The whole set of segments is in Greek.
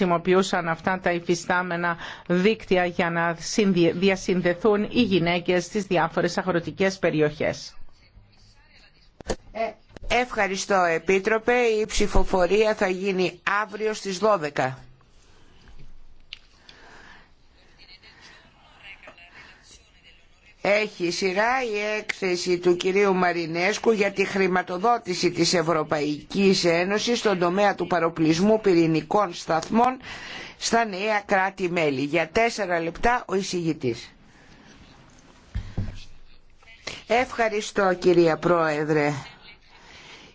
χρησιμοποιούσαν αυτά τα υφιστάμενα δίκτυα για να διασυνδεθούν οι γυναίκες στις διάφορες αγροτικές περιοχές. Ε, ευχαριστώ Επίτροπε. Η ψηφοφορία θα γίνει αύριο στις 12. Έχει σειρά η έκθεση του κυρίου Μαρινέσκου για τη χρηματοδότηση της Ευρωπαϊκής Ένωσης στον τομέα του παροπλισμού πυρηνικών σταθμών στα νέα κράτη-μέλη. Για τέσσερα λεπτά ο εισηγητής. Ευχαριστώ κυρία Πρόεδρε.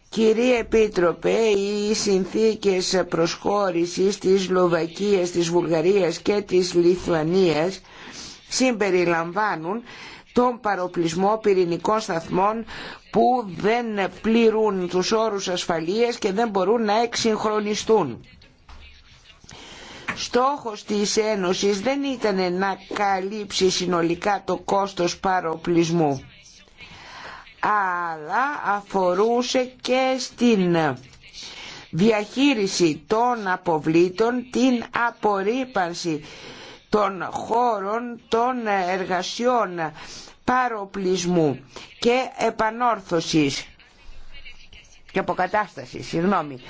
Κυρία Επίτροπε, οι συνθήκες προσχώρησης της Λοβακίας, της Βουλγαρίας και της Λιθουανίας συμπεριλαμβάνουν τον παροπλισμό πυρηνικών σταθμών που δεν πληρούν τους όρους ασφαλείας και δεν μπορούν να εξυγχρονιστούν. Στόχος της Ένωσης δεν ήταν να καλύψει συνολικά το κόστος παροπλισμού, αλλά αφορούσε και στην διαχείριση των αποβλήτων, την απορρίπανση των χώρων των εργασιών παροπλισμού και επανόρθωσης και αποκατάστασης συγγνώμη.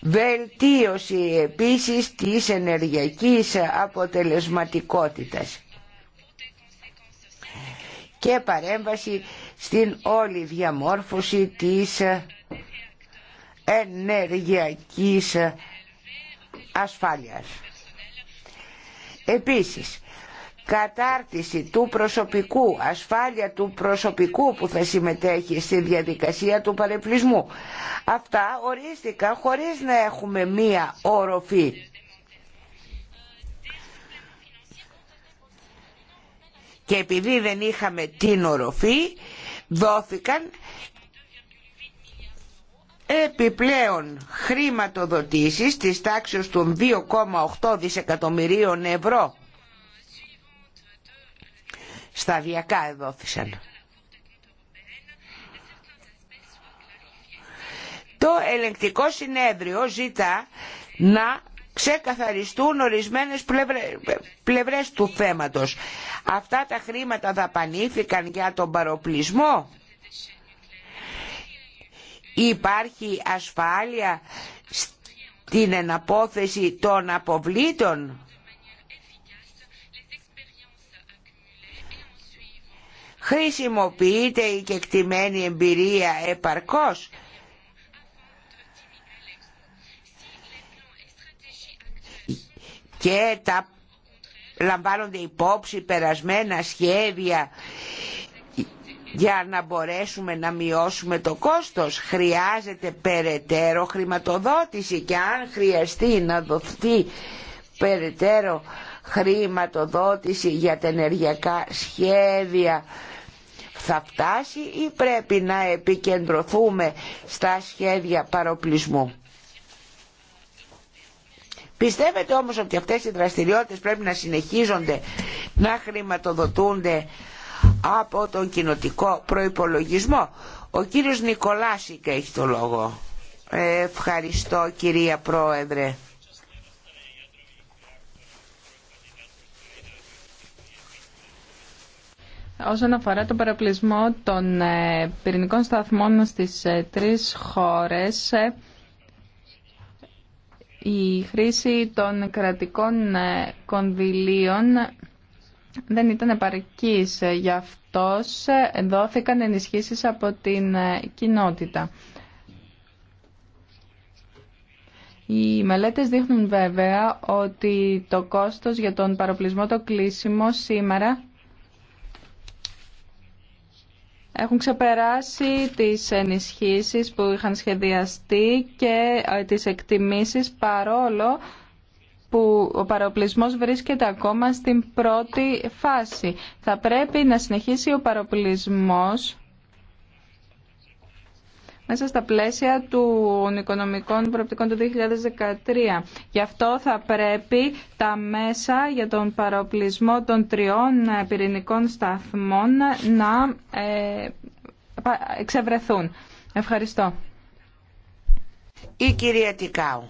Βελτίωση επίσης της ενεργειακής αποτελεσματικότητας και παρέμβαση στην όλη διαμόρφωση της ενεργειακής ασφάλειας. Επίσης, κατάρτιση του προσωπικού, ασφάλεια του προσωπικού που θα συμμετέχει στη διαδικασία του παρεπλισμού. Αυτά ορίστηκαν χωρίς να έχουμε μία όροφη. Και επειδή δεν είχαμε την οροφή, δόθηκαν επιπλέον χρηματοδοτήσεις της τάξης των 2,8 δισεκατομμυρίων ευρώ σταδιακά εδόθησαν. Το ελεγκτικό συνέδριο ζητά να ξεκαθαριστούν ορισμένες πλευρές του θέματος. Αυτά τα χρήματα δαπανήθηκαν για τον παροπλισμό Υπάρχει ασφάλεια στην εναπόθεση των αποβλήτων. Χρησιμοποιείται η κεκτημένη εμπειρία επαρκώς. Και τα λαμβάνονται υπόψη περασμένα σχέδια για να μπορέσουμε να μειώσουμε το κόστος. Χρειάζεται περαιτέρω χρηματοδότηση και αν χρειαστεί να δοθεί περαιτέρω χρηματοδότηση για τα ενεργειακά σχέδια θα φτάσει ή πρέπει να επικεντρωθούμε στα σχέδια παροπλισμού. Πιστεύετε όμως ότι αυτές οι δραστηριότητες πρέπει να συνεχίζονται, να χρηματοδοτούνται από τον κοινοτικό προϋπολογισμό. Ο κύριος Νικολάσικα έχει το λόγο. Ευχαριστώ κυρία Πρόεδρε. Όσον αφορά τον παραπλισμό των ε, πυρηνικών σταθμών στις ε, τρεις χώρες, ε, η χρήση των κρατικών κονδυλίων δεν ήταν επαρκής. Ε, γι' αυτός ε, δόθηκαν ενισχύσεις από την ε, κοινότητα. Οι μελέτες δείχνουν βέβαια ότι το κόστος για τον παροπλισμό το κλείσιμο σήμερα έχουν ξεπεράσει τις ενισχύσεις που είχαν σχεδιαστεί και τις εκτιμήσεις παρόλο που ο παροπλισμός βρίσκεται ακόμα στην πρώτη φάση. Θα πρέπει να συνεχίσει ο παροπλισμός μέσα στα πλαίσια των οικονομικών προοπτικών του 2013. Γι' αυτό θα πρέπει τα μέσα για τον παροπλισμό των τριών ε, πυρηνικών σταθμών να ε, εξευρεθούν. Ευχαριστώ. Η κυρία Τικάου.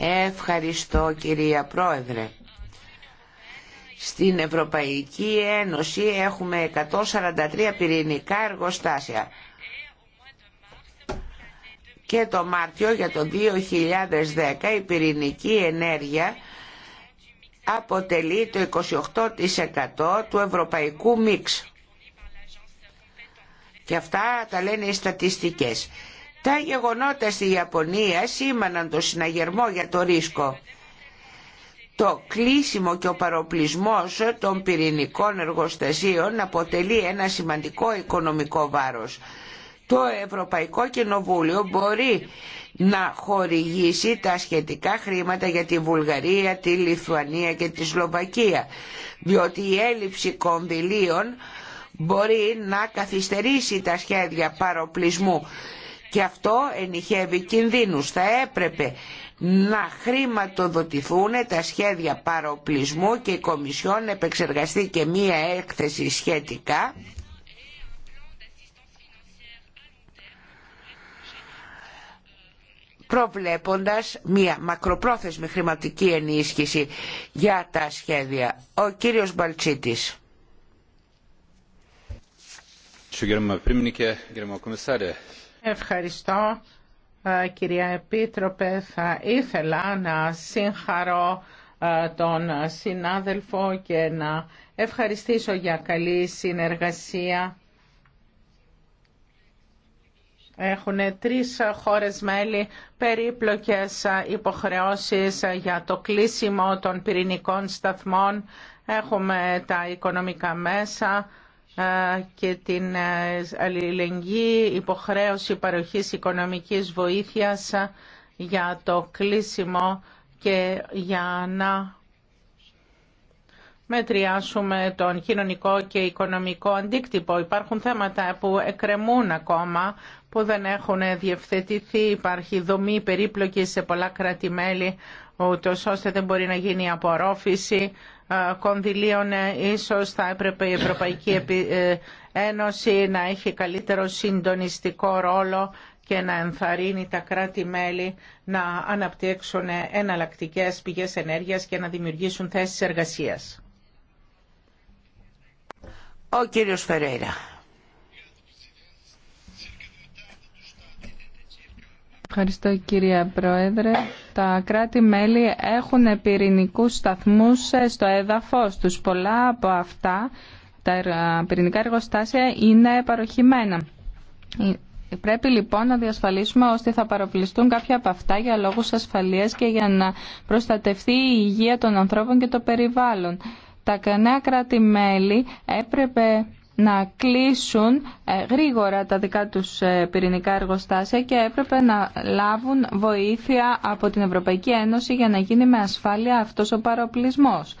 Ευχαριστώ κυρία Πρόεδρε. Στην Ευρωπαϊκή Ένωση έχουμε 143 πυρηνικά εργοστάσια και το Μάρτιο για το 2010 η πυρηνική ενέργεια αποτελεί το 28% του ευρωπαϊκού μίξ. Και αυτά τα λένε οι στατιστικές. Τα γεγονότα στη Ιαπωνία σήμαναν το συναγερμό για το ρίσκο. Το κλείσιμο και ο παροπλισμός των πυρηνικών εργοστασίων αποτελεί ένα σημαντικό οικονομικό βάρος. Το Ευρωπαϊκό Κοινοβούλιο μπορεί να χορηγήσει τα σχετικά χρήματα για τη Βουλγαρία, τη Λιθουανία και τη Σλοβακία, διότι η έλλειψη κονδυλίων μπορεί να καθυστερήσει τα σχέδια παροπλισμού και αυτό ενηχεύει κινδύνους. Θα έπρεπε να χρηματοδοτηθούν τα σχέδια παροπλισμού και η Κομισιόν επεξεργαστεί και μία έκθεση σχετικά προβλέποντας μία μακροπρόθεσμη χρηματική ενίσχυση για τα σχέδια. Ο κύριος Μπαλτσίτης. Κύριε Ευχαριστώ. Ε, κυρία Επίτροπε, θα ήθελα να συγχαρώ ε, τον συνάδελφο και να ευχαριστήσω για καλή συνεργασία. Έχουν τρεις χώρες μέλη περίπλοκες υποχρεώσεις για το κλείσιμο των πυρηνικών σταθμών. Έχουμε τα οικονομικά μέσα και την ε, αλληλεγγύη υποχρέωση παροχής οικονομικής βοήθειας για το κλείσιμο και για να μετριάσουμε τον κοινωνικό και οικονομικό αντίκτυπο. Υπάρχουν θέματα που εκκρεμούν ακόμα, που δεν έχουν διευθετηθεί. Υπάρχει δομή περίπλοκη σε πολλά κράτη-μέλη, ούτως ώστε δεν μπορεί να γίνει απορρόφηση κονδυλίων ε, ίσως θα έπρεπε η Ευρωπαϊκή ε, Ένωση να έχει καλύτερο συντονιστικό ρόλο και να ενθαρρύνει τα κράτη-μέλη να αναπτύξουν εναλλακτικές πηγές ενέργειας και να δημιουργήσουν θέσεις εργασίας. Ο κύριος Φερέιρα. Ευχαριστώ κύριε Πρόεδρε τα κράτη-μέλη έχουν πυρηνικούς σταθμούς ε, στο έδαφος τους. Πολλά από αυτά τα πυρηνικά εργοστάσια είναι παροχημένα. Ε, πρέπει λοιπόν να διασφαλίσουμε ώστε θα παροπληστούν κάποια από αυτά για λόγους ασφαλείας και για να προστατευτεί η υγεία των ανθρώπων και το περιβάλλον. Τα νέα κράτη-μέλη έπρεπε να κλείσουν ε, γρήγορα τα δικά τους ε, πυρηνικά εργοστάσια και έπρεπε να λάβουν βοήθεια από την Ευρωπαϊκή Ένωση για να γίνει με ασφάλεια αυτός ο παροπλισμός.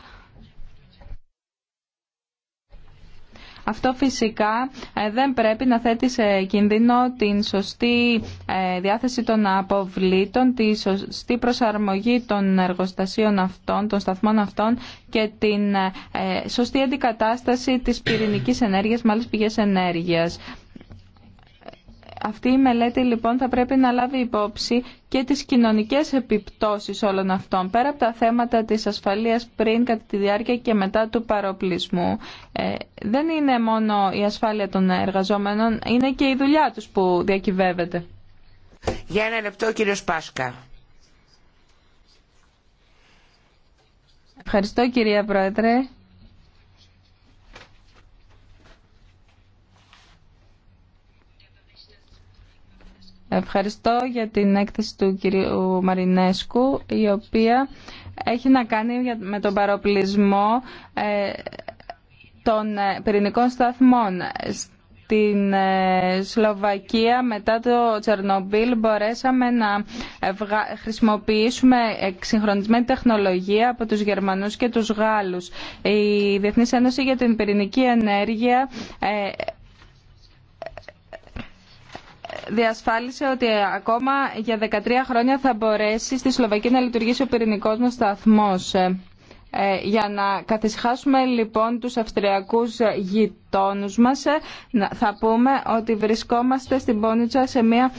Αυτό φυσικά ε, δεν πρέπει να θέτει σε κινδύνο την σωστή ε, διάθεση των αποβλήτων, τη σωστή προσαρμογή των εργοστασίων αυτών, των σταθμών αυτών και την ε, σωστή αντικατάσταση της πυρηνικής ενέργειας μάλιστα πηγές ενέργειας. Αυτή η μελέτη λοιπόν θα πρέπει να λάβει υπόψη και τις κοινωνικές επιπτώσεις όλων αυτών, πέρα από τα θέματα της ασφαλείας πριν, κατά τη διάρκεια και μετά του παροπλισμού. Ε, δεν είναι μόνο η ασφάλεια των εργαζόμενων, είναι και η δουλειά τους που διακυβεύεται. Για ένα λεπτό κύριο Πάσκα. Ευχαριστώ κυρία Πρόεδρε. Ευχαριστώ για την έκθεση του κυρίου Μαρινέσκου, η οποία έχει να κάνει με τον παροπλισμό ε, των ε, πυρηνικών σταθμών. Στην ε, Σλοβακία μετά το Τσερνομπίλ μπορέσαμε να χρησιμοποιήσουμε εξυγχρονισμένη τεχνολογία από τους Γερμανούς και τους Γάλλους. Η Διεθνής Ένωση για την Πυρηνική Ενέργεια διασφάλισε ότι ακόμα για 13 χρόνια θα μπορέσει στη Σλοβακία να λειτουργήσει ο πυρηνικό μα σταθμό. Ε, ε, για να καθισχάσουμε λοιπόν τους αυστριακούς γειτόνους μας ε, θα πούμε ότι βρισκόμαστε στην Πόνιτσα σε μια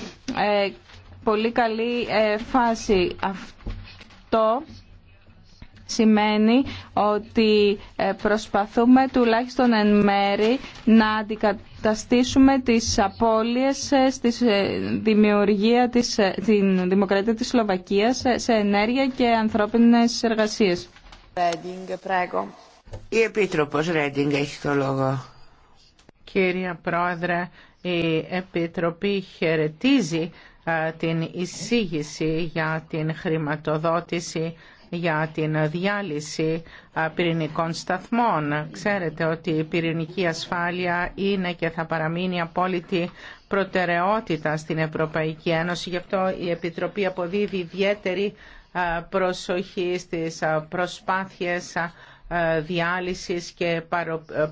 πολύ καλή φάση. Αυτό σημαίνει ότι ε, προσπαθούμε τουλάχιστον εν μέρη να αντικαταστήσουμε τις απώλειες ε, στη ε, δημιουργία της, την δημοκρατία της Σλοβακίας σε ενέργεια και ανθρώπινες εργασίες. Η Επίτροπος Ρέντινγκ έχει το λόγο. Κύριε Πρόεδρε, η Επιτροπή χαιρετίζει την εισήγηση για την χρηματοδότηση για την διάλυση πυρηνικών σταθμών. Ξέρετε ότι η πυρηνική ασφάλεια είναι και θα παραμείνει απόλυτη προτεραιότητα στην Ευρωπαϊκή Ένωση. Γι' αυτό η Επιτροπή αποδίδει ιδιαίτερη προσοχή στις προσπάθειες διάλυσης και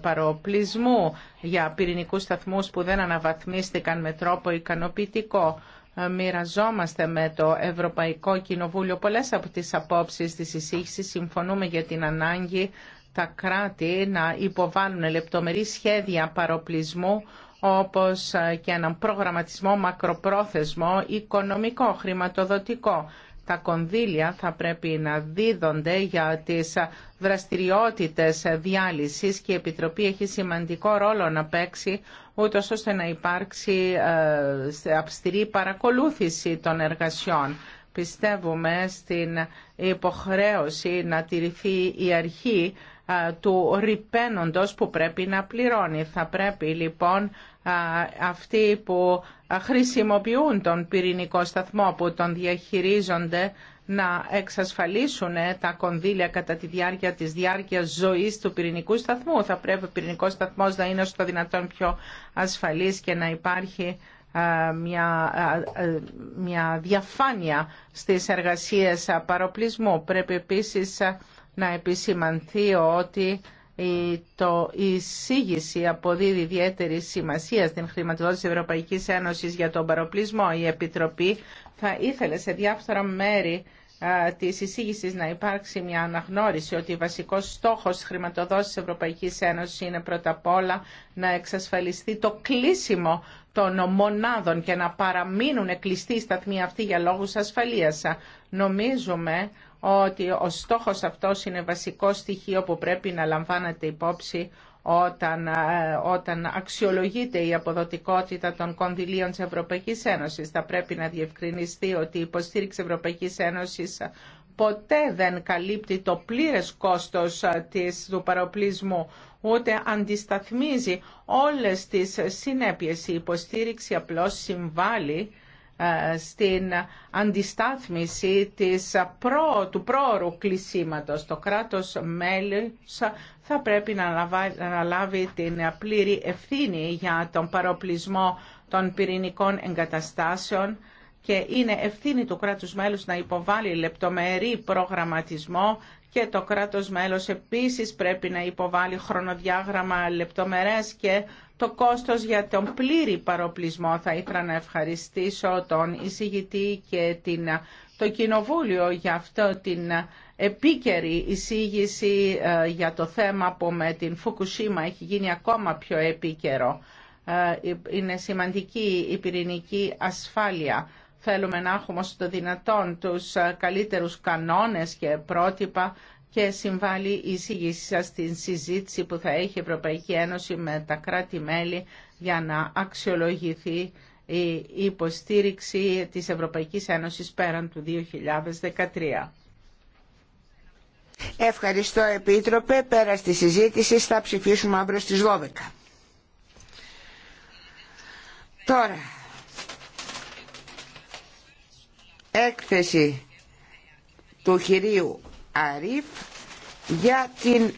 παροπλισμού για πυρηνικούς σταθμούς που δεν αναβαθμίστηκαν με τρόπο ικανοποιητικό μοιραζόμαστε με το Ευρωπαϊκό Κοινοβούλιο πολλές από τις απόψεις της εισήχησης. Συμφωνούμε για την ανάγκη τα κράτη να υποβάλουν λεπτομερή σχέδια παροπλισμού όπως και έναν προγραμματισμό μακροπρόθεσμο, οικονομικό, χρηματοδοτικό τα κονδύλια θα πρέπει να δίδονται για τις δραστηριότητες διάλυσης και η Επιτροπή έχει σημαντικό ρόλο να παίξει ούτω ώστε να υπάρξει ε, αυστηρή παρακολούθηση των εργασιών. Πιστεύουμε στην υποχρέωση να τηρηθεί η αρχή του ρηπαίνοντος που πρέπει να πληρώνει. Θα πρέπει λοιπόν αυτοί που χρησιμοποιούν τον πυρηνικό σταθμό, που τον διαχειρίζονται, να εξασφαλίσουν ε, τα κονδύλια κατά τη διάρκεια της διάρκειας ζωής του πυρηνικού σταθμού. Θα πρέπει ο πυρηνικός σταθμός να είναι στο δυνατόν πιο ασφαλής και να υπάρχει μια, μια διαφάνεια στις εργασίες παροπλισμού. Πρέπει επίσης να επισημανθεί ότι το, η εισήγηση αποδίδει ιδιαίτερη σημασία στην χρηματοδότηση της Ευρωπαϊκής Ένωσης για τον παροπλισμό. Η Επιτροπή θα ήθελε σε διάφορα μέρη της εισήγησης να υπάρξει μια αναγνώριση ότι ο βασικός στόχος της χρηματοδότησης της Ευρωπαϊκής Ένωσης είναι πρώτα απ' όλα να εξασφαλιστεί το κλείσιμο των μονάδων και να παραμείνουν κλειστοί οι σταθμοί αυτοί για λόγους ασφαλείας. Νομίζουμε ότι ο στόχος αυτός είναι βασικό στοιχείο που πρέπει να λαμβάνετε υπόψη όταν, ε, όταν αξιολογείται η αποδοτικότητα των κονδυλίων της Ευρωπαϊκής Ένωσης. Θα πρέπει να διευκρινιστεί ότι η υποστήριξη Ευρωπαϊκής Ένωσης ποτέ δεν καλύπτει το πλήρες κόστος ε, της, του παροπλισμού, ούτε αντισταθμίζει όλες τις συνέπειες. Η υποστήριξη απλώς συμβάλλει ε, στην αντιστάθμιση της προ, του πρόωρου κλεισίματος. Το κράτος μέλος θα πρέπει να λάβει την πλήρη ευθύνη για τον παροπλισμό των πυρηνικών εγκαταστάσεων και είναι ευθύνη του κράτους μέλους να υποβάλει λεπτομερή προγραμματισμό και το κράτος μέλος επίσης πρέπει να υποβάλει χρονοδιάγραμμα λεπτομερές και το κόστος για τον πλήρη παροπλισμό. Θα ήθελα να ευχαριστήσω τον εισηγητή και την, το Κοινοβούλιο για αυτό την επίκαιρη εισήγηση ε, για το θέμα που με την Φουκουσίμα έχει γίνει ακόμα πιο επίκαιρο. Ε, είναι σημαντική η πυρηνική ασφάλεια. Θέλουμε να έχουμε στο το δυνατόν τους ε, καλύτερους κανόνες και πρότυπα και συμβάλλει η εισήγησή σας στην συζήτηση που θα έχει η Ευρωπαϊκή Ένωση με τα κράτη-μέλη για να αξιολογηθεί η υποστήριξη της Ευρωπαϊκής Ένωσης πέραν του 2013. Ευχαριστώ Επίτροπε. Πέρα στη συζήτηση θα ψηφίσουμε αύριο στις 12. Τώρα, έκθεση του χειρίου Αρίφ για την